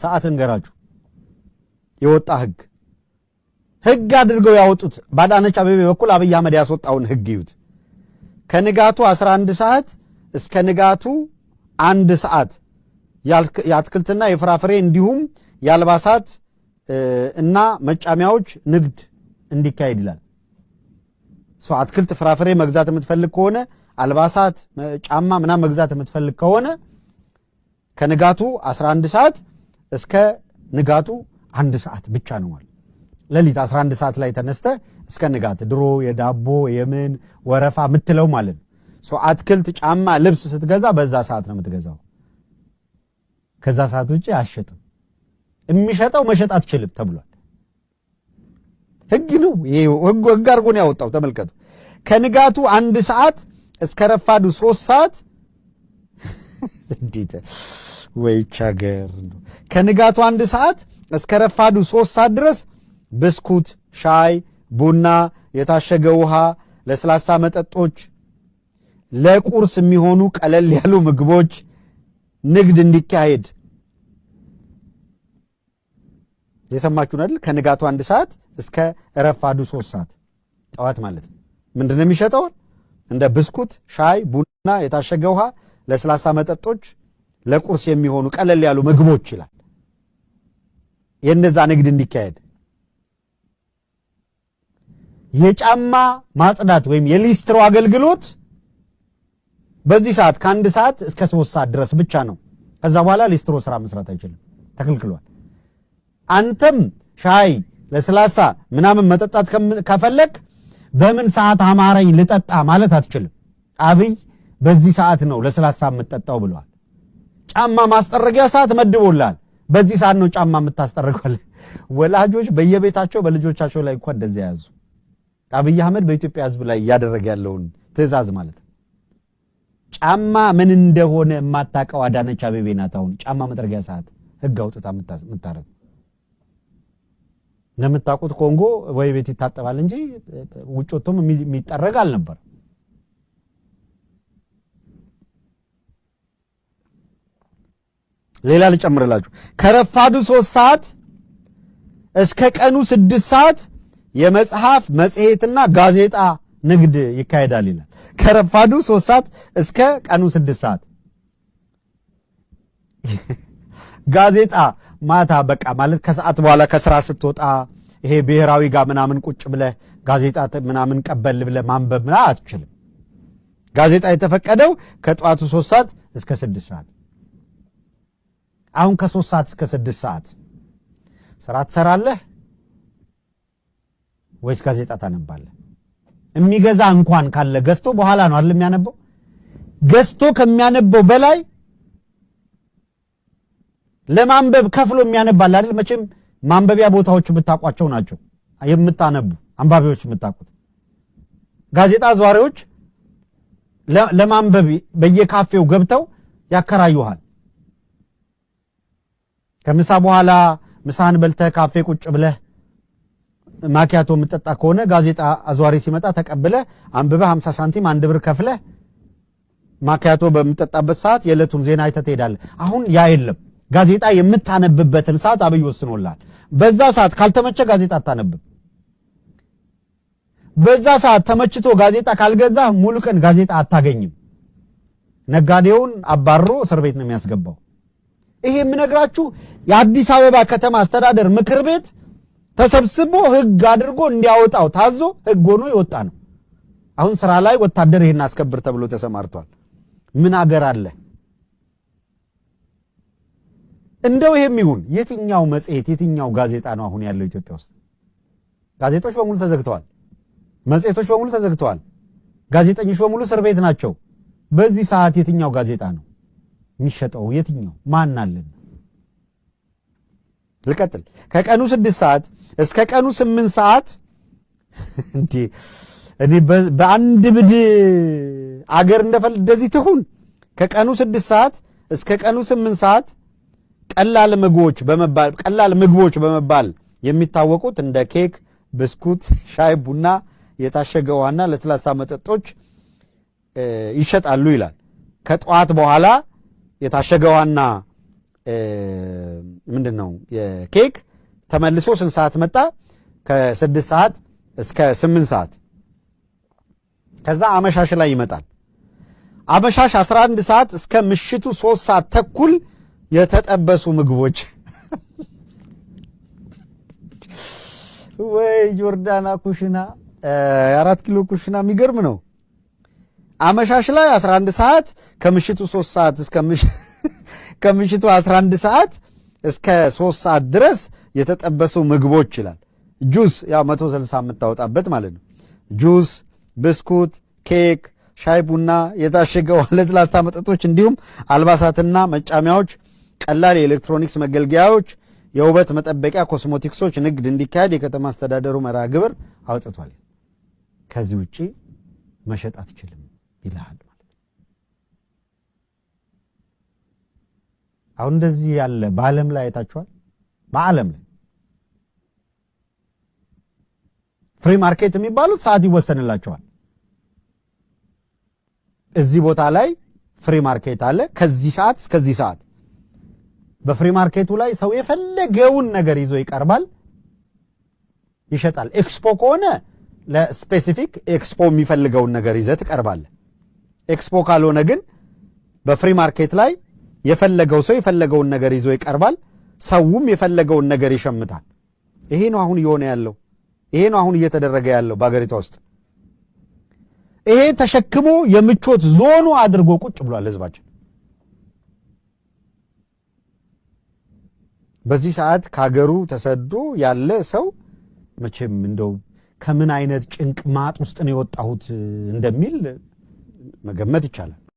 ሰዓት እንገራችሁ የወጣ ህግ ህግ አድርገው ያወጡት በአዳነች አቤቤ በኩል አብይ አህመድ ያስወጣውን ህግ ይዩት። ከንጋቱ 11 ሰዓት እስከ ንጋቱ አንድ ሰዓት የአትክልትና የፍራፍሬ እንዲሁም የአልባሳት እና መጫሚያዎች ንግድ እንዲካሄድ ይላል። ሰው አትክልት ፍራፍሬ መግዛት የምትፈልግ ከሆነ አልባሳት፣ ጫማ ምናምን መግዛት የምትፈልግ ከሆነ ከንጋቱ 11 ሰዓት እስከ ንጋቱ አንድ ሰዓት ብቻ ነው ማለት ሌሊት 11 ሰዓት ላይ ተነስተ እስከ ንጋት ድሮ የዳቦ የምን ወረፋ ምትለው ማለት ነው። አትክልት፣ ጫማ፣ ልብስ ስትገዛ በዛ ሰዓት ነው የምትገዛው። ከዛ ሰዓት ውጭ አሸጥም። የሚሸጠው መሸጥ አትችልም ተብሏል። ህግ ነው ይሄ። ህግ አድርጎ ነው ያወጣው። ተመልከቱ። ከንጋቱ አንድ ሰዓት እስከ ረፋዱ ሶስት ሰዓት እንዴት ወይች ሀገር ነው። ከንጋቱ አንድ ሰዓት እስከ ረፋዱ ሶስት ሰዓት ድረስ ብስኩት፣ ሻይ፣ ቡና፣ የታሸገ ውሃ፣ ለስላሳ መጠጦች፣ ለቁርስ የሚሆኑ ቀለል ያሉ ምግቦች ንግድ እንዲካሄድ የሰማችሁን አይደል? ከንጋቱ አንድ ሰዓት እስከ ረፋዱ ሶስት ሰዓት ጠዋት ማለት ነው። ምንድን ነው የሚሸጠው? እንደ ብስኩት፣ ሻይ፣ ቡና፣ የታሸገ ውሃ፣ ለስላሳ መጠጦች ለቁርስ የሚሆኑ ቀለል ያሉ ምግቦች ይላል። የነዛ ንግድ እንዲካሄድ የጫማ ማጽዳት ወይም የሊስትሮ አገልግሎት በዚህ ሰዓት ከአንድ ሰዓት እስከ ሶስት ሰዓት ድረስ ብቻ ነው። ከዛ በኋላ ሊስትሮ ስራ መስራት አይችልም፣ ተከልክሏል። አንተም ሻይ ለስላሳ ምናምን መጠጣት ከፈለግ በምን ሰዓት አማረኝ ልጠጣ ማለት አትችልም። አብይ በዚህ ሰዓት ነው ለስላሳ የምትጠጣው ብለዋል። ጫማ ማስጠረጊያ ሰዓት መድቦላል። በዚህ ሰዓት ነው ጫማ የምታስጠርገው። ወላጆች በየቤታቸው በልጆቻቸው ላይ እንኳን እንደዚህ ያዙ። አብይ አህመድ በኢትዮጵያ ህዝብ ላይ እያደረገ ያለውን ትዕዛዝ ማለት ጫማ ምን እንደሆነ የማታውቀው አዳነች አቤቤ ናት። አሁን ጫማ መጥረጊያ ሰዓት ህግ አውጥታ የምታረግ እንደምታውቁት ኮንጎ ወይ ቤት ይታጠባል እንጂ ውጭ ወጥቶም የሚጠረግ አልነበር። ሌላ ልጨምርላችሁ። ከረፋዱ ሶስት ሰዓት እስከ ቀኑ ስድስት ሰዓት የመጽሐፍ መጽሔትና ጋዜጣ ንግድ ይካሄዳል ይላል። ከረፋዱ ሶስት ሰዓት እስከ ቀኑ ስድስት ሰዓት ጋዜጣ ማታ በቃ ማለት ከሰዓት በኋላ ከስራ ስትወጣ ይሄ ብሔራዊ ጋር ምናምን ቁጭ ብለህ ጋዜጣ ምናምን ቀበል ብለህ ማንበብ ምናምን አትችልም። ጋዜጣ የተፈቀደው ከጠዋቱ ሶስት ሰዓት እስከ ስድስት ሰዓት አሁን ከሶስት ሰዓት እስከ ስድስት ሰዓት ስራ ትሰራለህ ወይስ ጋዜጣ ታነባለህ? የሚገዛ እንኳን ካለ ገዝቶ በኋላ ነው አይደል የሚያነበው። ገዝቶ ከሚያነበው በላይ ለማንበብ ከፍሎ የሚያነባል አይደል? መቼም ማንበቢያ ቦታዎች የምታውቋቸው ናቸው የምታነቡ አንባቢዎች የምታውቁት። ጋዜጣ አዘዋሪዎች ለማንበብ በየካፌው ገብተው ያከራዩሃል። ከምሳ በኋላ ምሳህን በልተህ ካፌ ቁጭ ብለህ ማኪያቶ የምጠጣ ከሆነ ጋዜጣ አዟሪ ሲመጣ ተቀብለህ አንብበህ 50 ሳንቲም አንድ ብር ከፍለህ ማኪያቶ በምጠጣበት ሰዓት የዕለቱን ዜና አይተህ ትሄዳለህ። አሁን ያ የለም። ጋዜጣ የምታነብበትን ሰዓት አብይ ወስኖላል። በዛ ሰዓት ካልተመቸ ጋዜጣ አታነብም። በዛ ሰዓት ተመችቶ ጋዜጣ ካልገዛህ ሙሉ ቀን ጋዜጣ አታገኝም። ነጋዴውን አባሮ እስር ቤት ነው የሚያስገባው። ይሄ የምነግራችሁ የአዲስ አበባ ከተማ አስተዳደር ምክር ቤት ተሰብስቦ ህግ አድርጎ እንዲያወጣው ታዞ ህግ ሆኖ የወጣ ነው። አሁን ስራ ላይ ወታደር ይሄን አስከብር ተብሎ ተሰማርቷል። ምን አገር አለ እንደው ይሄም ይሁን የትኛው መጽሔት የትኛው ጋዜጣ ነው አሁን ያለው ኢትዮጵያ ውስጥ? ጋዜጦች በሙሉ ተዘግተዋል። መጽሔቶች በሙሉ ተዘግተዋል። ጋዜጠኞች በሙሉ እስር ቤት ናቸው። በዚህ ሰዓት የትኛው ጋዜጣ ነው የሚሸጠው የትኛው ማን አለን? ልቀጥል። ከቀኑ ስድስት ሰዓት እስከ ቀኑ ስምንት ሰዓት እንዴ እኔ በአንድ ብድ አገር እንደፈል እንደዚህ ትሁን። ከቀኑ ስድስት ሰዓት እስከ ቀኑ ስምንት ሰዓት ቀላል ምግቦች በመባል ቀላል ምግቦች በመባል የሚታወቁት እንደ ኬክ፣ ብስኩት፣ ሻይ፣ ቡና፣ የታሸገ ውሃና ለስላሳ መጠጦች ይሸጣሉ ይላል። ከጠዋት በኋላ የታሸገዋና ምንድን ነው ኬክ ተመልሶ ስንት ሰዓት መጣ? ከስድስት ሰዓት እስከ ስምንት ሰዓት ከዛ አመሻሽ ላይ ይመጣል። አመሻሽ 11 ሰዓት እስከ ምሽቱ 3 ሰዓት ተኩል የተጠበሱ ምግቦች ወይ ጆርዳና ኩሽና አራት ኪሎ ኩሽና የሚገርም ነው። አመሻሽ ላይ 11 ሰዓት ከምሽቱ 3 ሰዓት እስከ ከምሽቱ 11 ሰዓት እስከ 3 ሰዓት ድረስ የተጠበሱ ምግቦች ይላል። ጁስ ያው 160 የምታወጣበት ማለት ነው። ጁስ፣ ብስኩት፣ ኬክ፣ ሻይ ቡና፣ የታሸገው ለስላሳ መጠጦች እንዲሁም አልባሳትና መጫሚያዎች፣ ቀላል የኤሌክትሮኒክስ መገልገያዎች፣ የውበት መጠበቂያ ኮስሞቲክሶች ንግድ እንዲካሄድ የከተማ አስተዳደሩ መርሃ ግብር አውጥቷል። ከዚህ ውጪ መሸጥ አትችልም። ይልሃል ማለት ነው። አሁን እንደዚህ ያለ በዓለም ላይ አይታችኋል። በዓለም ላይ ፍሪ ማርኬት የሚባሉት ሰዓት ይወሰንላቸዋል። እዚህ ቦታ ላይ ፍሪ ማርኬት አለ፣ ከዚህ ሰዓት እስከዚህ ሰዓት። በፍሪ ማርኬቱ ላይ ሰው የፈለገውን ነገር ይዞ ይቀርባል፣ ይሸጣል። ኤክስፖ ከሆነ ለስፔሲፊክ ኤክስፖ የሚፈልገውን ነገር ይዘ ትቀርባለ። ኤክስፖ ካልሆነ ግን በፍሪ ማርኬት ላይ የፈለገው ሰው የፈለገውን ነገር ይዞ ይቀርባል። ሰውም የፈለገውን ነገር ይሸምታል። ይሄ ነው አሁን እየሆነ ያለው። ይሄ ነው አሁን እየተደረገ ያለው በአገሪቷ ውስጥ። ይሄ ተሸክሞ የምቾት ዞኑ አድርጎ ቁጭ ብሏል ህዝባችን። በዚህ ሰዓት ከሀገሩ ተሰዶ ያለ ሰው መቼም እንደው ከምን አይነት ጭንቅ ማጥ ውስጥ ነው የወጣሁት እንደሚል መገመት ይቻላል።